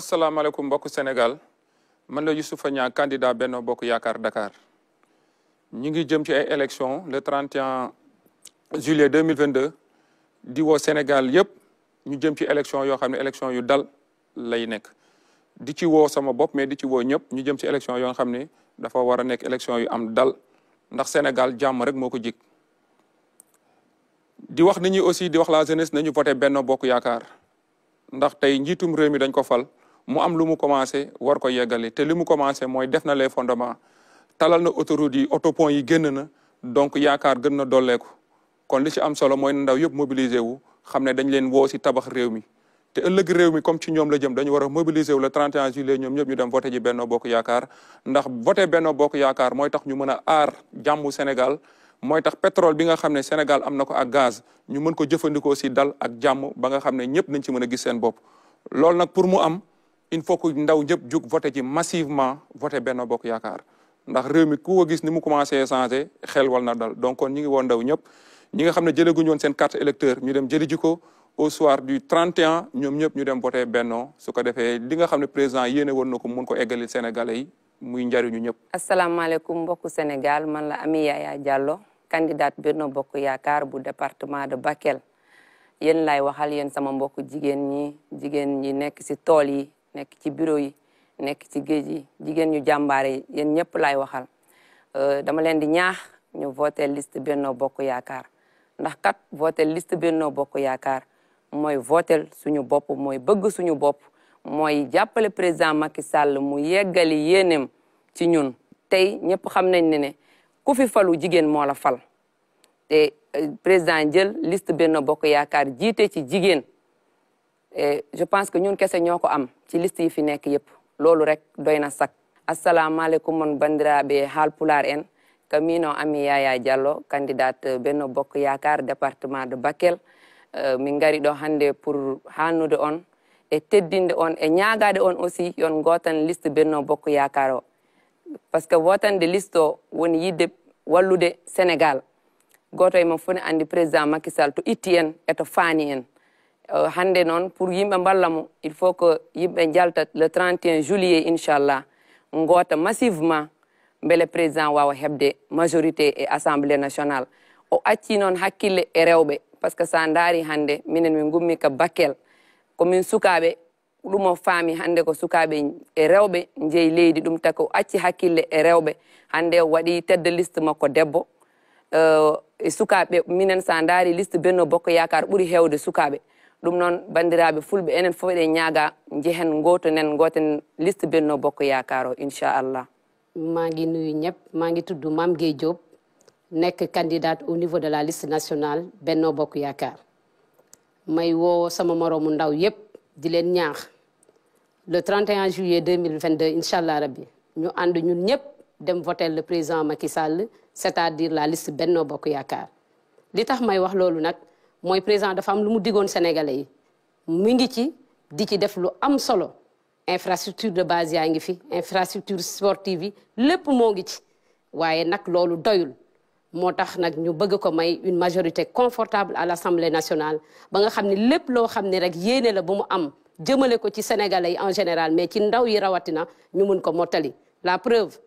asalaamaaleykum mbokk Sénégal man la Youssoufa Niang candidat Benno Bokk Yaakaar dakaar ñu ngi jëm ci ay élections le 31 juillet 2022 di woo Sénégal yëpp ñu jëm ci élection yoo xam ne élection yu dal lay nekk di ci woo sama bopp mais di ci woo ñëpp ñu jëm ci élection yoo xam ne dafa war a nekk élection yu am dal ndax Sénégal jàmm rek moo ko jig di wax nit aussi di wax la jeunesse nañu voté Benno Bokk Yaakaar ndax tey njiitum réew mi dañ ko fal mu am lu mu commencé war ko yeggali te li mu commencé mooy def na les fondements talal na autoroute yi autopont yi génn na donc yaakaar gën na dolleeku kon li ci am solo mooy ndaw yëpp mobiliser wu xam ne dañ leen woo si tabax réew mi te ëllëg réew mi comme ci ñoom la jëm dañu war a mobiliser wu le 31 juillet ñoom ñëpp ñu dem voté ji Benno Bokk Yaakaar ndax voté Benno Bokk Yaakaar mooy tax ñu mën a aar jàmmu Sénégal mooy tax pétrole bi nga xam ne Sénégal am na ko ak gaz ñu mën ko jëfandikoo si dal ak jàmm ba nga xam ne ñëpp nañ ci mën a gis seen bopp loolu nag pour mu am il faut que ndaw ñëpp jug voté ci massivement voté Benno Bokk Yaakaar ndax réew mi ku ko gis ni mu commencé changé xel wal na dal donc kon ñi ngi woon ndaw ñëpp ñi nga xam ne jëleguñu woon seen carte électeur ñu dem jëli ji ko au soir du 31 ñoom ñëpp ñu dem voté Benno su ko defee li nga xam ne président yéene woon na ko mun ko eggalil Sénégalais muy njariñu ñëpp. asalaamaaleykum mbokku Sénégal man la Ami Yaya Diallo candidate Benno Bokk Yaakaar bu département de Bakel yéen lay waxal yéen sama mbokku jigéen ñi jigéen ñi nekk si tool yi. nekk ci bureau yi nekk ci géej yi jigéen ñu jàmbaare yi yéen ñëpp laay waxal euh, dama leen di ñaax ñu voté liste Benno Bokk Yaakaar ndax kat voté liste Benno Bokk Yaakaar mooy votel suñu bopp mooy bëgg suñu bopp mooy jàppale président Macky Sall mu yeggali yéenem ci ñun tey ñëpp xam nañ ne ne ku fi falu jigéen moo la fal te euh, président jël list Benno Bokk Yaakaar jiite ci jigéen Eh, je pense que ñun kese ñoo ko am ci liste yi fi nekk yëpp loolu rek doy na sak assalamualeykum mon bandiraɓe haalpular en kamino ami yaya diallo candidate eh, benno bokk yakar département de bakel eh, min gari ɗo hannde pour hannude on e teddinde on e ñaagade on aussi yon gootan liste benno bokk yakar o par que wotande liste o woni yidde wallude sénégal gooto e mon foti anndi président makisal to itti en eto faani en Euh, hannde noon pour yimɓe mballa mo il faut que yimɓe jalta le 31 juillet inchallah goota massivement beele président wawa heɓde majorité e assemblée nationale o acci noon hakkille e rewɓe par ce que sa daari taka o e acci hakkille e rewɓe hannde o waɗi tedde liste makko debbo euh, e sukaɓe minen sa daari liste benno yakar ɓuuri hewde sukaɓe ɗum noon banndiraaɓe fulɓe enen fof eɗen ñaaga njehen nen gooten liste benno bokko yaakaar o inchallah maa ngi nuyu ñëpp maa ngi tudd Mame Gueye Diop nekk candidate au niveau de la liste national benno bokk yaakaar may wo sama moroomu ndaw yëpp di leen ñaax le 31 juillet 2022 inchallah rabbi ñu ànd ñun ñëpp dem voter le président Macky Sall c'est-à-dire la liste benno bokk yaakaar li may wax loolu nag mooy président dafa am lu mu diggoon sénégalais yi mi ngi ci di ci def lu am solo infrastructure de base yaa ngi fi infrastructure sportive yi lépp moo ngi ci waaye nag loolu doyul moo tax nag ñu bëgg ko may une majorité confortable à l'Assemblée nationale ba nga xam ni lépp loo xam ne rek yéene la ba mu am jëmale ko ci sénégalais yi en général mais ci ndaw yi rawatina ñu mun ko mottali la preuve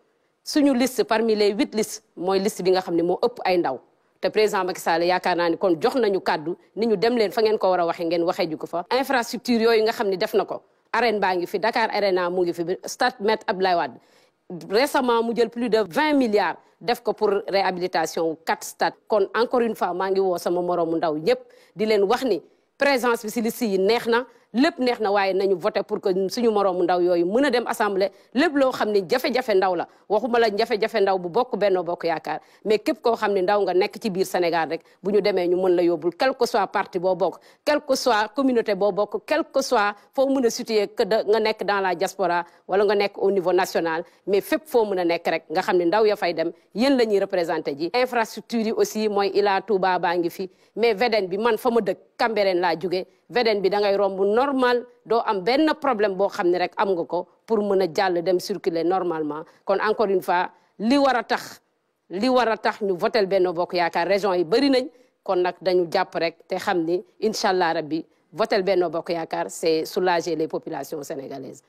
suñu liste parmi les huit listes mooy liste bi nga xam ne moo ëpp ay ndaw te président Macky Sall yaakaar naa ni kon jox nañu kàddu ni ñu dem leen fa ngeen ko war a waxe ngeen waxee ju ko fa infrastructure yooyu nga xam ne def na ko arène baa ngi fi Dakar Arena mu ngi fi stade Me Abdoulaye Wade récemment mu jël plus de milliards def ko pour réhabilitation quatre stades kon encore une fois maa ngi moroomu ndaw ñëpp di leen wax ni présence bi si yi neex na lépp neex na waaye nañu voté pour que suñu moroomu ndaw yooyu mën a dem assemblée lépp loo xam ne jafe-jafe ndaw la waxuma la jafe-jafe ndaw bu bokk benn Bokk Yaakaar mais képp koo xam ne ndaw nga nekk ci biir Sénégal rek bu ñu demee ñu mën la yóbbul quel que parti boo bokk quel que soit communauté boo bokk quel que soit foo mën a situé que da nga nekk dans la diaspora wala nga nekk au niveau national mais fépp foo mën a nekk rek nga xam ne ndaw ya fay dem yéen la ñuy représenté ji infrastructure yi aussi mooy Ila Touba baa ngi fi mais VDN bi man fa ma dëkk Cambérène laa jugee VDN bi da ngay romb normal doo am benn problème boo xam ne rek am nga ko pour mën a jàll dem circuler normalement kon encore une fois li war a tax li war a tax ñu votel Benno Bokk Yaakaar région yi bëri nañ kon nag dañu jàpp rek te xam ni incha allah rabbi votel Benno Bokk Yaakaar c'est soulager les populations sénégalaises